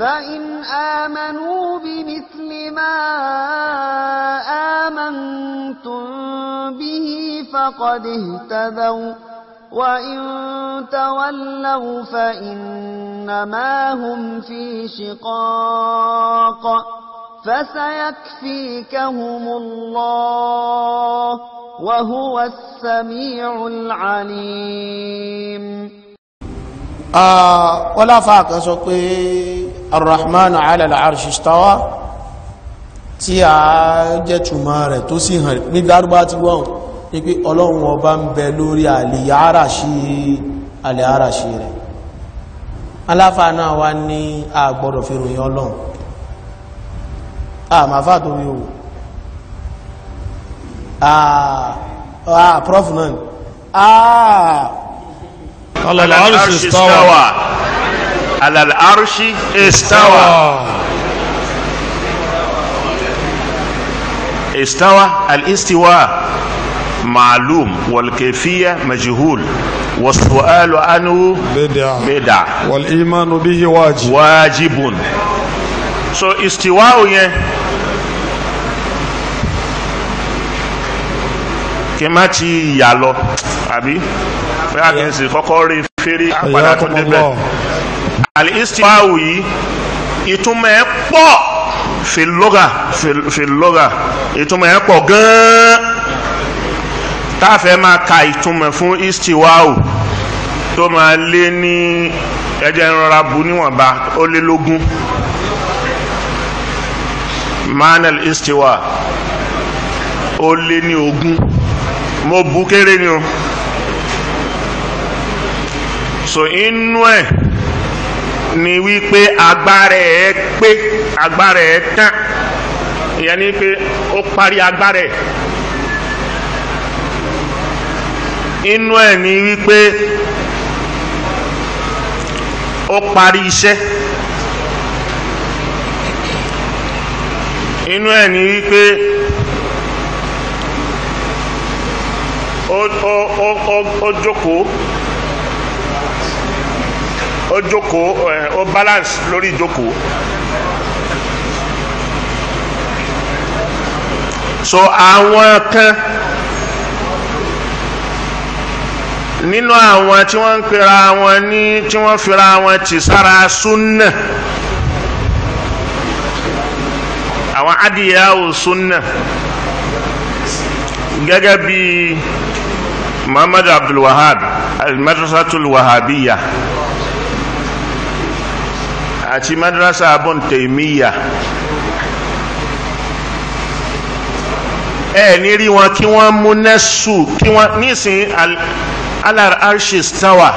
فإن آمنوا بمثل ما آمنتم به فقد اهتدوا وإن تولوا فإنما هم في شقاق فسيكفيكهم الله وهو السميع العليم آه ولا فاقة سقيم arrahman ala al'arshi istawa tí a jẹ́ túnmà rẹ̀ tó sì hàn ní dárúbá ti wọ́n ní pé ọlọ́run ọba ń bẹ lórí àlìyàráṣí rẹ̀ aláfàánà wa ní àgbọ́dọ̀ fi ròyìn ọlọ́run àmàfà tó rí àà prof náà àà ọlọ́lá arṣì على العرش استوى استوى الاستواء معلوم والكيفية مجهول والسؤال عنه بدع بدع والإيمان به واجب واجب so استواء كما kí n má ti yà lọ àbí bẹ́ẹ̀ alistiwawu yìí ìtumọ̀ ẹ̀ pọ̀ fìlóga fìlóga ìtumọ̀ ẹ̀ pọ̀ gan-an táàfẹ́ máa ka ìtumọ̀ fún istiwawu tó máa lé ní ẹjẹ ìrora bu níwọ̀nba ó lé lógún manel istiwa ó lé ní ogún mo bu kéré ni o so inú ẹ̀. E, ni wípé agbára ẹ̀ pé agbára ẹ̀ tán ìyẹn ni pé ó parí agbára ẹ̀ inú ẹ̀ ni wípé ó parí iṣẹ́ inú ẹ̀ ni wípé ó jókòó ó jókòó eh, ó balance lori ìjókòó. so àwọn kan nínú àwọn tí wọ́n ń pera wọn ní tí wọ́n fira wọn tì sára súnà àwọn adìyàwó súnà gẹ́gẹ́ bí Muhammad Abdul Wahab al-Madrasatul Wahabiyya àti madrasa abọ́n tèmíyà ẹ ní rí wọn kí wọ́n mú nẹ́sù kí wọ́n nísìn alar arshi stawa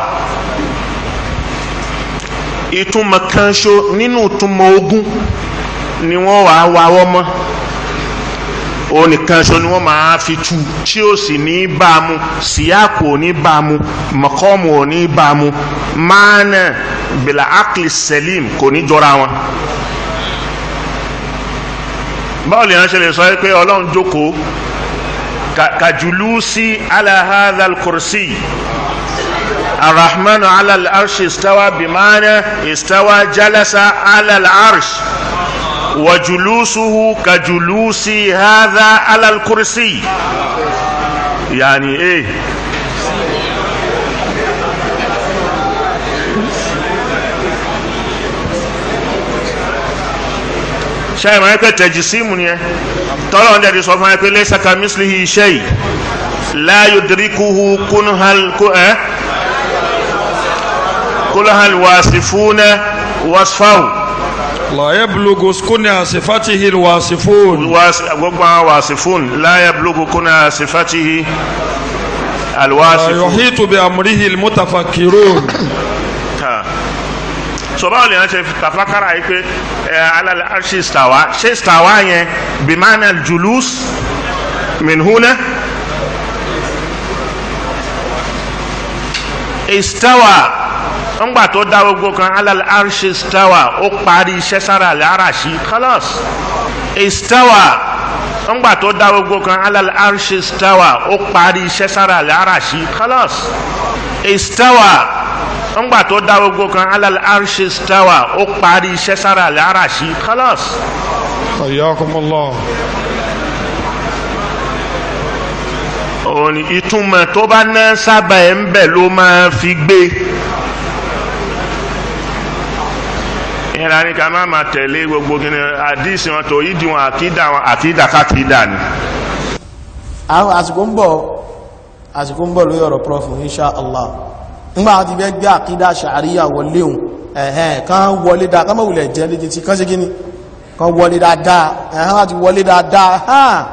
ìtumọ̀ kan ṣo nínú ìtumọ̀ ogún ni wọ́n wàá wà wọ́n mọ́ òun nìkan ṣo ni wọ́n máa fi tú tí ó sì ní bámu síyáàkù ò ní bámu mọ̀kọ́mù ò ní bámu máàna bìlà ákìlì sẹ́lìm kò ní jọra wọn báwo lè ránṣẹ́ lè sọ pé ọlọ́run jókòó kàjùlùsí alahadal kùrùsì arahmanu alal arshi istawa bimana istawa jalasa alal arshi. وجلوسه كجلوس هذا على الكرسي يعني ايه شيء ما يكون تجسيمني ترى ان الذي سوف يكون ليس كمثله شيء لا يدركه كنه إيه؟ كل هل واصفون وصفه láyé bulogo kúnà sifatihi wàsífún. gbogbo àwọn wàsífún láyé bulogo kúnà sifatihi alwasifun. yọ̀hìtù bí amúrihì mutafakiru. sọ̀rọ̀ lè ṣe tafakara yìí pé alal arshi istawa ṣé istawa yẹn bimana julus min huna. istawa. ńgbà tó dá gbogbo kan alal arshi istawa ó parí iṣẹ́ sára aláraṣí khalas istawa ńgbà tó dá gbogbo kan alal arshi istawa ó parí iṣẹ́ sára aláraṣí khalas istawa ńgbà tó dá gbogbo kan alal arshi istawa ó parí iṣẹ́ sára aláraṣí khalas. ayyakumullah òní ìtumọ̀ tó bá ná sábà ẹ̀ ń bẹ̀ ló máa fi gbé ẹ̀hìnrán ni ká má máa tẹ̀lé gbogbo gini àdìsí wọn tó yídi wọn àkídà wọn àkídà kákídà ni. àsìkò ń bọ̀ àsìkò ń bọ̀ lórí ọ̀rọ̀ prof insha allah ńgbà wọn ti fẹ́ gbé àkídà ṣàríyà wọlé òun ẹ̀hẹ́n kan wọlé dáa kán mọ̀wulẹ̀ jẹ́ léjì tí kán ṣe kí ni wọlé dáadáa ẹ̀hán àti wọlé dáadáa hàn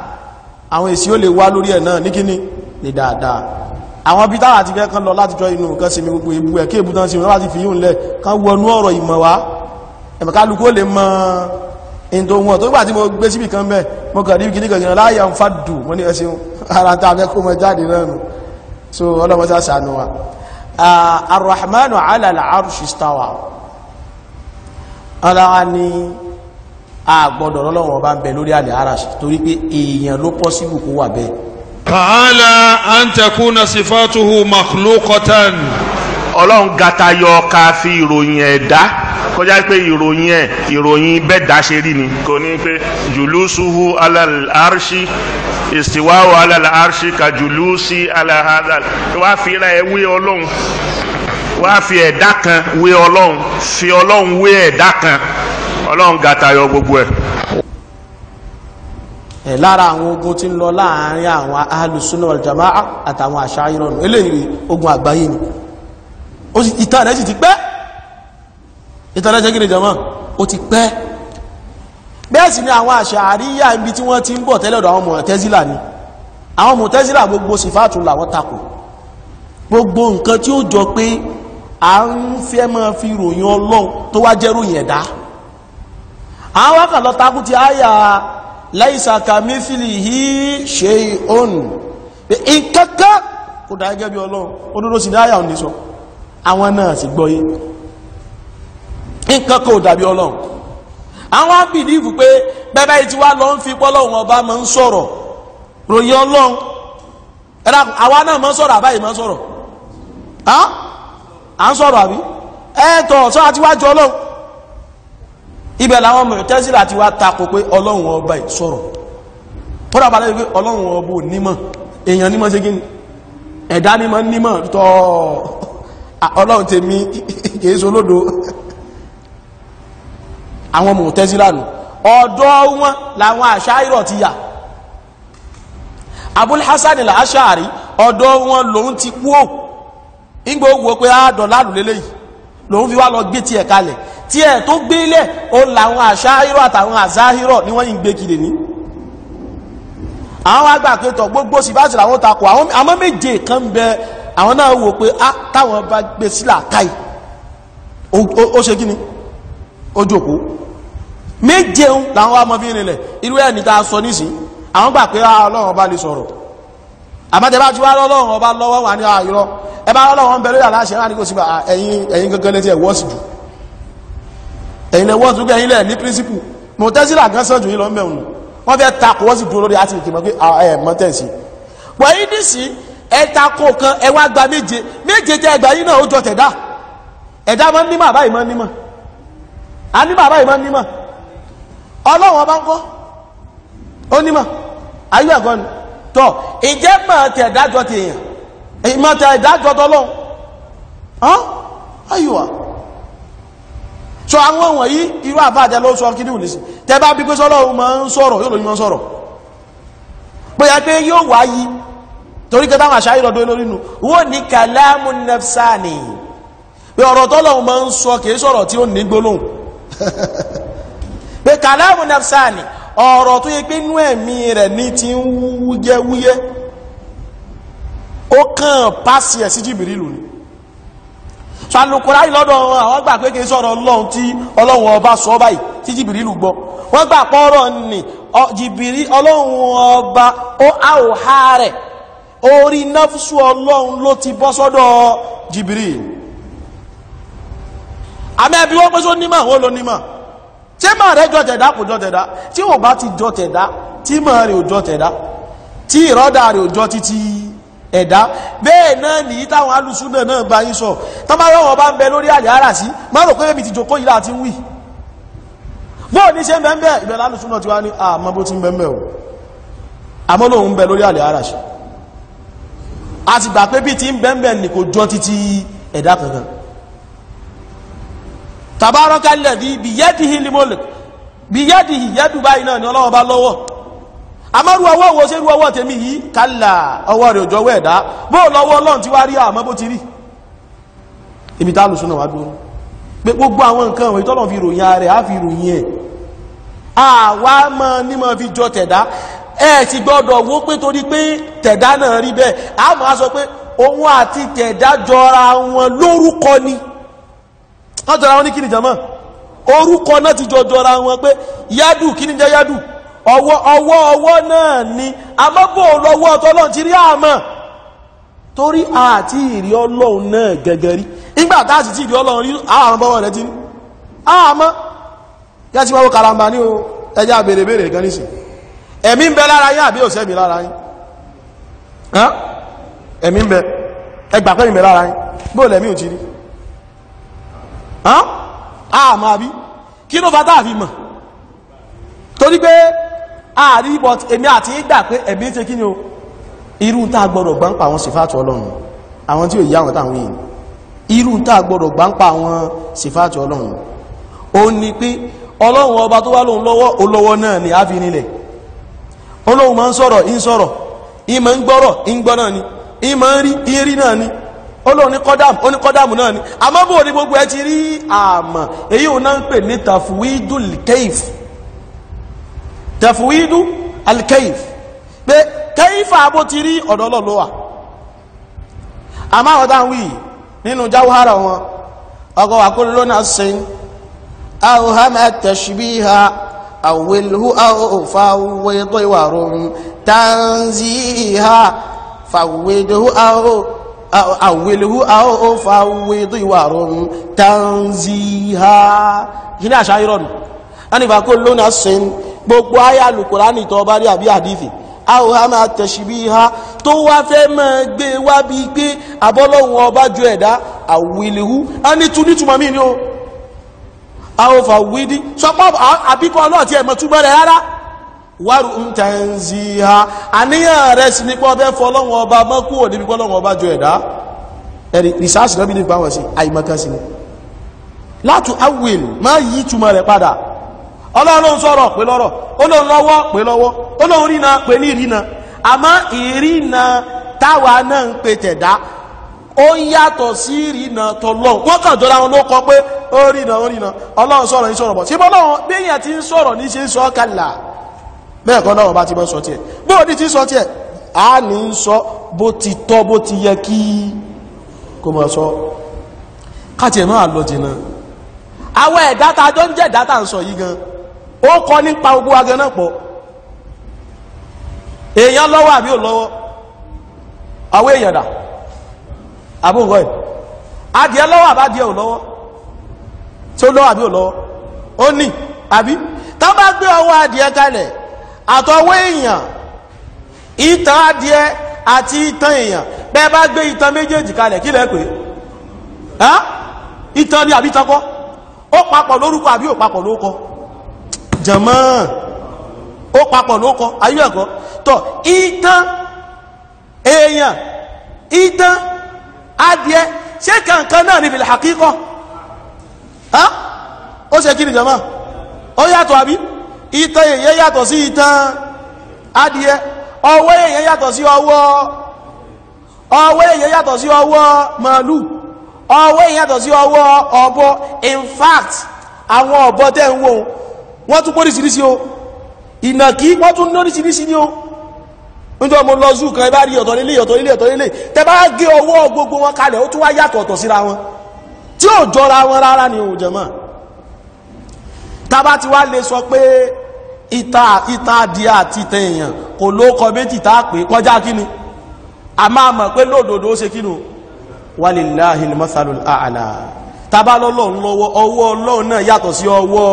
àwọn èsì ó lè wá lórí ẹ̀ náà ní kí ni ní dáadáa àwọn bí táwà ti fẹ́ kán lọ láti jọ inú kan sinmi gbogbo ebu ẹ̀ kí èbútán sinmi láti fi yíò ńlẹ̀ kan wọnú ọ̀rọ̀ ìmọ̀ wá ẹ̀mọ̀kálukú ó lè mọ in tó wọn tó gbà tí mo gbé síbì kan bẹ́ẹ̀ mo kàn níbi kìnnìkan ìrìnà láyà ń fàdù mo ní ẹṣin ara tá a fẹ́ jáde náà so ọlọ́mọ sá sànù wa arrahmanu ọlọ́run gata yọ ìròyìn ẹ̀dá kọjá pé ìròyìn ẹ̀ ìròyìn bẹ́ẹ̀ dá ṣe rí ni kò ní pé jùlúsùhù alàlárṣì ìsìwáwò alàlárṣì ka jùlúsì alàhàdà wàá fi ra ẹ wé ọlọ́run wàá fi ẹ̀dá kan wé ọlọ́run fi ọlọ́run wé ẹ̀dá kan ọlọ́run gàtayọ gbogbo ẹ̀ lára àwọn ogun tí ń lọ láàárín àwọn ahlùsúnà aljama'a àtàwọn àṣà ìrọ̀nù eléyìí ogun àgbáyé ni ìtàn rẹ̀ sì ti pẹ́ ìtànàjẹ́ gíní jama ó ti pẹ́ bẹ́ẹ̀ sì ni àwọn àṣà àríyá ibi tí wọ́n ti ń bọ̀ tẹ́lẹ̀ ọ̀dọ̀ àwọn mọ̀tẹ́zílà ni àwọn mọ̀tẹ́zílà gbogbo sífàtù làwọn takò gbogbo nǹkan tí ó jọ pé a ń fẹ́ máa fi ròyìn ọlọ́run tó wá jẹ́rò yẹn dá àwọn wákàlọ́ takú ti àyà láìsà kàmífìlì yìí ṣe òun nǹkankan kò dáa bí ọlọ́run ó dúró sí ní àyà òní sọ àwọn náà sì gbọ́ yìí nǹkan kò dàbí ọlọ́run àwọn abìlíìfù pé bẹ́ẹ̀ báyìí tí wàá ń fi pọ́lọ́run ọba máa ń sọ̀rọ̀ ròyìn ọlọ́run ẹ̀rọ àwa náà máa ń sọ̀rọ̀ àbáyìí máa ń sọ̀rọ̀ à ń sọ̀rọ̀ àbí ẹ̀ tọ̀ àti wájú ọlọ́run ibẹ̀ làwọn Mu'tazila wá takò pé ọlọ́run ọba sọ̀rọ̀ wípé ọlọ́run ọba ò àwọn mọ̀tẹ́sílà nù ọ̀dọ́ wọn làwọn àṣáírọ̀ ti yà Abul Hasan al-Ash'ari ọ̀dọ́ wọn lòun ti kú ò ìgbò wo pé àádọ́ ah, lálùlélẹ́ yìí lòun fi wá lọ gbé tiẹ̀ kalẹ̀ tiẹ̀ tó gbélẹ̀ ó làwọn àṣáírọ̀ àtàwọn àzáhírọ̀ ni wọ́n yìí ń gbé kiri ní àwọn àgbà pé tọ̀ gbogbo sì bá ti làwọn takò àwọn méje kan bẹ àwọn náà wò pé á ah, táwọn bá gbé sílà káì ó ṣe kí ni ó jókòó méjeun làwọn ọmọ fi rìnlẹ̀ irú ẹ̀ níta sọ nísìn àwọn gbà pé ah, ọlọ́run ọba lè sọ̀rọ̀ àmọ́tẹ́ bá ti wá lọ́lọ́run ọba lọ́wọ́ wà ní àìrọ́ ah, ẹ bá lọ́lọ́run ń bẹ lórí aláṣẹ láti kò síbà ẹ̀yin ẹ̀yin gangan létí ẹ̀ wọ́ọ̀sì jù ẹ̀yin lẹ wọ́ọ̀sì jù ẹ̀yin lẹ̀ ní píríncípù mọ̀tẹ́sílà gan sàn jù yín lọ ń bẹ̀rù wọ́n fẹ́ takò wọ́ọ̀sì dúró lórí àti ìkìmọ̀ pé ah, ẹ̀ mọ́tẹ́sì wọ̀nyí nísì ẹ takò kan ẹ wá gba ọlọ́wọ́n bá ń kọ́ ó nímọ̀ ayé ẹ̀kọ́ ni tọ́ ìjẹ́ mọ̀ tẹ̀ dájọ́ ti èèyàn ìmọ̀ tẹ̀ dájọ́ tọ́lọ́ ayùwà so àwọn wọ̀nyí irú àfáàjẹ ló sọ kí ní ìwòlẹ́sì tẹ bá bí pé sọ́lọ́run máa ń sọ̀rọ̀ yóò lóyún máa ń sọ̀rọ̀ bóyá pé yóò wáyí torí kẹta àwọn àṣà ìrọ̀dọ̀ lórí nù wọ́n ní kàlámù nẹ́fsáàni pé ọ̀rọ̀ tọ́lọ́run máa ń sọ kìí sọ̀rọ̀ tí ó ní gbólóhùn pé kàlámù nafsani ọ̀rọ̀ tó yẹ pé inú ẹ̀mí rẹ̀ ní ti ń wúyẹ́wúyẹ́ ó kàn pàṣẹ ẹ̀ sí jìbìrìlù ni salukurari lọ́dọ̀ àwọn gbà pé kìí sọ̀rọ̀ ọlọ́run tí ọlọ́run ọba sọ báyìí tí gbọ́ wọ́n gbà pọ́rọ̀ ní jìbìrì ọlọ́run ọba ó àwòhá rẹ̀ orí ọlọ́run ló ti bọ́ sọ́dọ̀ àmì ẹbí pẹ́ tí máa rẹ̀ jọ tẹ̀dá kò jọ tẹ̀dá tí ò bá ti jọ tẹ̀dá tí máa rẹ̀ ò jọ tẹ̀dá tí ìrọ́dà rẹ̀ ò jọ títí ẹ̀dá bẹ́ẹ̀ náà nìyí táwọn alùsúnà náà bá yín sọ tọ́bá lọ́wọ́ bá ń bẹ lórí àyàrà sí má rò pé mi ti jòkó ìlà àti wí bóò ní ṣe ń bẹ́ẹ̀ ìbẹ̀ lálùsúnà ti wá ní àmọ́ bó ti ń bẹ́ẹ̀ o àmọ́ lòun ń bẹ lórí àyàrà sí a ti gbà pé bí ti ń bẹ́ẹ̀ ni kò jọ títí ẹ̀dá kankan tabaraka alladhi biyadihi al-mulk biyadihi yẹ́dù báyìí náà ni ọlọ́wọ́ bá lọ́wọ́ àmọ́rú ọwọ́ wo ṣe rú ọwọ́ tèmi yìí kálà ọwọ́ rẹ̀ òjò ọwọ́ ẹ̀dá bó lọ́wọ́ ọlọ́run ti wá rí àmọ́ bó ti rí ibi tá lùsùn náà wá dúró pé gbogbo àwọn nǹkan ìwé tọ́lọ̀ fi ròyìn ààrẹ á fi ròyìn ẹ̀ àwa mọ ní fi jọ tẹ̀dá ẹ ti gbọ́dọ̀ wó pé torí pé tẹ̀dá náà rí bẹ́ẹ̀ àmọ́ a sọ pé òun àti tẹ̀dá jọra wọn lórúkọ ni wọ́n jọra wọn ní kíni jama orúkọ náà ti jọ jọra wọn pé yádù kíni jẹ yadu ọwọ ọwọ ọwọ náà ni amábò lọ́wọ́ ti rí àmà torí àti ìrí ọlọ́run náà gẹ́gẹ́ rí nígbà tá sì ti ìrí ọlọ́run rí àwọn bọ́wọ́ ti ní àmọ́ yá ti wáwó ní gan ẹ̀mí ń bẹ lára yín àbí lára yín ẹ̀mí ń bẹ Ah, àmọ́ àbí kí ló bá dáàfin mọ̀ torí pé ààrí but èmi àti ìgbà pé ẹ̀mí ń ṣe kí ni o irú tá gbọ́dọ̀ gbá ń pa àwọn sífàtì ọlọ́run àwọn tí ò yí àwọn táwọn yìí irú tá gbọ́dọ̀ gbá ń pa àwọn sífàtì ọlọ́run ó ní pé ọlọ́run ọba tó wá lóun lọ́wọ́ olówó náà ni a fi nílẹ̀ olóhun máa ń sọ̀rọ̀ ń sọ̀rọ̀ ìmọ̀ ń gbọ́rọ̀ ń gbọ́ náà ni ìmọ̀ ń rí ìrí náà ni olóòní kọ́dàmù naa ní náà ni àmọ́ bò ama gbogbo ẹ ti rí àmọ́ èyí ò náà ń pè ní tàfùwídù alkeif tàfùwídù alkeif pé kẹ́yìfà abó ti rí ọ̀dọ̀ ọlọ́lọ́wà àmọ́ àwọn táwọn wí nínú jáwára wọn ọkọ̀ àkóró lónà sin àwòhámà tashbiha àwòlú àwòfáwé tó ìwà rọrùn àwìlú àófà wédú ìwà rọrùn tanziha yìí àṣà ìrọ̀nù anìbà kó lónà sin gbogbo ayà lùkùránì tó bá rí àbí àdífì àwòhá máa tẹ̀síbí ha tó wá fẹ́ máa gbé wá bí pé abọ́lọ́hun ọba ju ẹ̀dá àwìlú a nítumọ̀ mí ní o àófà wédí sọpọ̀ àbíkọ́ ọlọ́ọ̀tí ẹ̀mọ̀ túbọ̀ rẹ̀ rárá waru ń tẹ̀ zi ha àníyàn rẹ̀ sí nípa ọbẹ̀ ọba mọ́kú òní ọba jọ ẹ̀dá ẹ̀rì rìsáàsì lọ́bí nípa wọn sí àìmọ̀kan sí ni látù awil má yí túmọ̀ rẹ̀ padà ọlọ́run sọ̀rọ̀ pé lọ́rọ̀ ọlọ́run lọ́wọ́ pé lọ́wọ́ ọlọ́run pé ní ìrìnà àmọ́ ìrìnà táwa náà ń pe tẹ̀dá ó yàtọ̀ sí ìrìnà wọ́n kàn jọra wọn ló kọ pé ó rìnà ó rìnà ọlọ́run sọ̀rọ̀ ní sọ̀rọ̀ bọ̀ síbọ́ bí èèyàn ti ń sọ̀rọ̀ bẹ́ẹ̀ kọ́ lọ́wọ́ bá ti mọ́ sọ tí ẹ̀ bóò ní tí sọ tí ẹ̀ a ní ń sọ bó ti tọ́ bó ti yẹ kí kò mọ̀ sọ káti ẹ̀ máa lọ jìnà àwọn ẹ̀dá ta jọ ń jẹ́ ẹ̀dá ta ń sọ yìí gan ó kọ́ nípa ogun agan náà pọ̀ èèyàn lọ́wọ́ àbí ò lọ́wọ́ àwọn èèyàn dà àbúrò ẹ̀ adìẹ lọ́wọ́ àbádìẹ ò lọ́wọ́ tí lọ́wọ́ àbí ò lọ́wọ́ ó ní àbí tá bá gbé ọwọ́ adìẹ kalẹ̀ àtọwọ́ èèyàn ìtàn adìẹ àti ìtàn èèyàn bẹ́ẹ̀ bá gbé ìtàn méjèèjì kalẹ̀ kí lẹ́ pé ìtàn ni àbí ìtàn kọ́ ó papọ̀ lórúkọ àbí ò papọ̀ lórúkọ jàmọ́ ó papọ̀ lórúkọ ayé ẹ̀kọ́ tọ́ ìtàn èèyàn ìtàn adìẹ ṣé kankan náà ní fil haqiqa ó ṣe kí ni jàmọ́ ó yàtọ̀ àbí ìtàn èyẹ yàtọ̀ sí ìtàn adìẹ ọwọ́ èyẹ yàtọ̀ sí ọwọ́ ọwọ́ èyẹ yàtọ̀ sí ọwọ́ màálù ọwọ́ èyẹ yàtọ̀ sí ọwọ́ ọ̀bọ in fact àwọn ọ̀bọ tẹ́ ń wò wọ́n tún póríṣiríṣi o ìnàkí wọ́n tún lóríṣiríṣi ni o níjọ́ mo lọ zoo kan ẹ bá rí ọ̀tọ̀ nílé ọ̀tọ̀ nílé ọ̀tọ̀ nílé tẹ bá gé ọwọ́ gbogbo wọn kalẹ̀ ni òun jẹ̀mọ́ tá bá ti wá lè sọ pé ìta ìta di àti ìtẹ èèyàn kò ló kọ méjì tá a pè kọjá kíni a máa mọ̀ pé lóòdòdó ó se kínú a'la tábà lọ́lọ́run lọ́wọ́ ọwọ́ ọlọ́run náà yàtọ̀ sí ọwọ́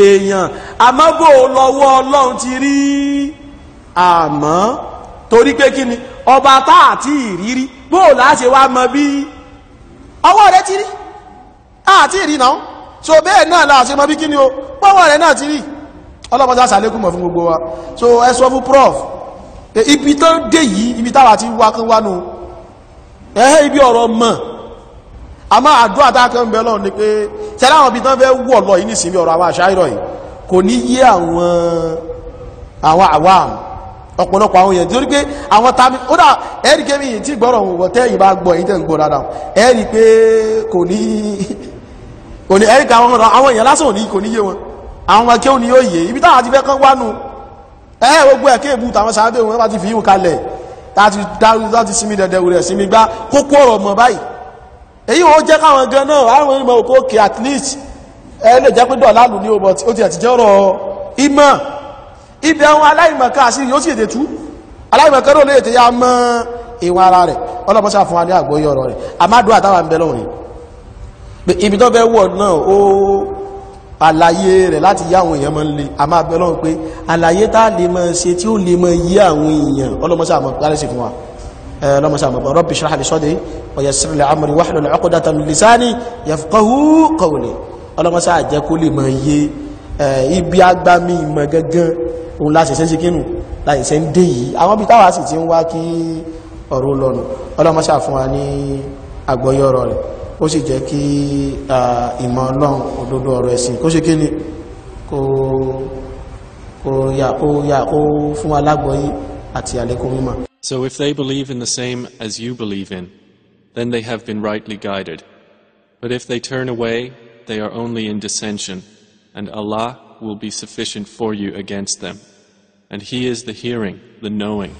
èèyàn àmọ́ bò lọ́wọ́ ọlọ́run ti rí àmọ́ torí ọba tá wá mọ bí ọwọ́ rẹ ti rí àti ìrìnà so bẹ́ẹ̀ náà mọ bí kíni o pọ́wọ́ rẹ náà ti ọlọ́pàá sàlékún mọ̀ fún gbogbo wa so ẹ sọ fún prof ibi tán dé yìí ibi táwà ti wákún wánú ẹ̀hẹ́ ibi ọ̀rọ̀ mọ̀ a máa àdúrà tákẹ́ ń bẹ lọ́n ni pé tẹ́lá àwọn ibi tán fẹ́ wọ̀ lọ yìí nìsinmi ọ̀rọ̀ àwọn àṣà ìrọ̀ yìí kò ní yé àwọn àwọn àwa ọ̀pọ̀lọpọ̀ àwọn èèyàn torí pé àwọn tami ó dà ẹ̀rí kémi yìí tí gbọ́rọ̀ wọ̀ tẹ́yìn bá gbọ́ èyí tẹ́ gbọ́ dáadáa ẹ̀rí pé kò ní ẹ̀rí káwọn àwọn èèyàn lásán ò ní kò ní yé wọn àwọn ọmọ kéhùn ni yóò yé ibi táwọn àti fẹ́ kán wánu ẹ gbogbo ẹ̀ kéèbù tàwọn sàádé òun wọ́n ti fi yíò kalẹ̀ láti dáhùn láti sinmi dẹ̀dẹ̀ rẹ̀ sinmi gbá kókó ọ̀rọ̀ mọ̀ báyìí èyí wọ́n jẹ́ káwọn gan náà àwọn ènìyàn òkú òkè at least ẹ lè jẹ́ pé dọ̀lá lù ní ọmọ ó ti ẹ̀ ti jẹ́ ọ̀rọ̀ ìmọ̀ ibi àwọn aláìmọ̀ká àti yóò sì èdè tú aláìmọ̀ká náà lè ètè ya mọ́ ìwọ̀n ara rẹ̀ ọlọ́mọṣà fún wa ní àgbóyé ọ̀rọ̀ rẹ̀ amádùn àtàwọn àbẹ̀lọ́rin ibi tó fẹ́ wọ̀ náà ó àlàyé rẹ̀ láti yá àwọn èèyàn mọ́ lè a máa bẹ̀rẹ̀ pé àlàyé tá lè mọ́ ṣe tí ó lè mọ́ yí àwọn èèyàn ọlọ́mọsáàmọ̀ pàrẹ́sì fún wa ọlọ́mọsáàmọ̀ rabbi shrah li sadri wa yassir li amri wahlul 'uqdatan min lisani yafqahu qawli ọlọ́mọsáà jẹ́ kó lè mọ́ yé ibi agbami ìmọ̀ gangan òun láti ṣe ń ṣe kínú láti ó sì jẹ́ kí ìmọ̀ ọlọ́run òdodo ọ̀rọ̀ ẹ̀sìn kó ṣe kí ni kó yà kó yà kó fún àti àlékún mímọ̀. So if they believe in the same as you believe in, then they have been rightly guided. But if they turn away, they are only in dissension, and Allah will be sufficient for you against them. And He is the hearing, the knowing.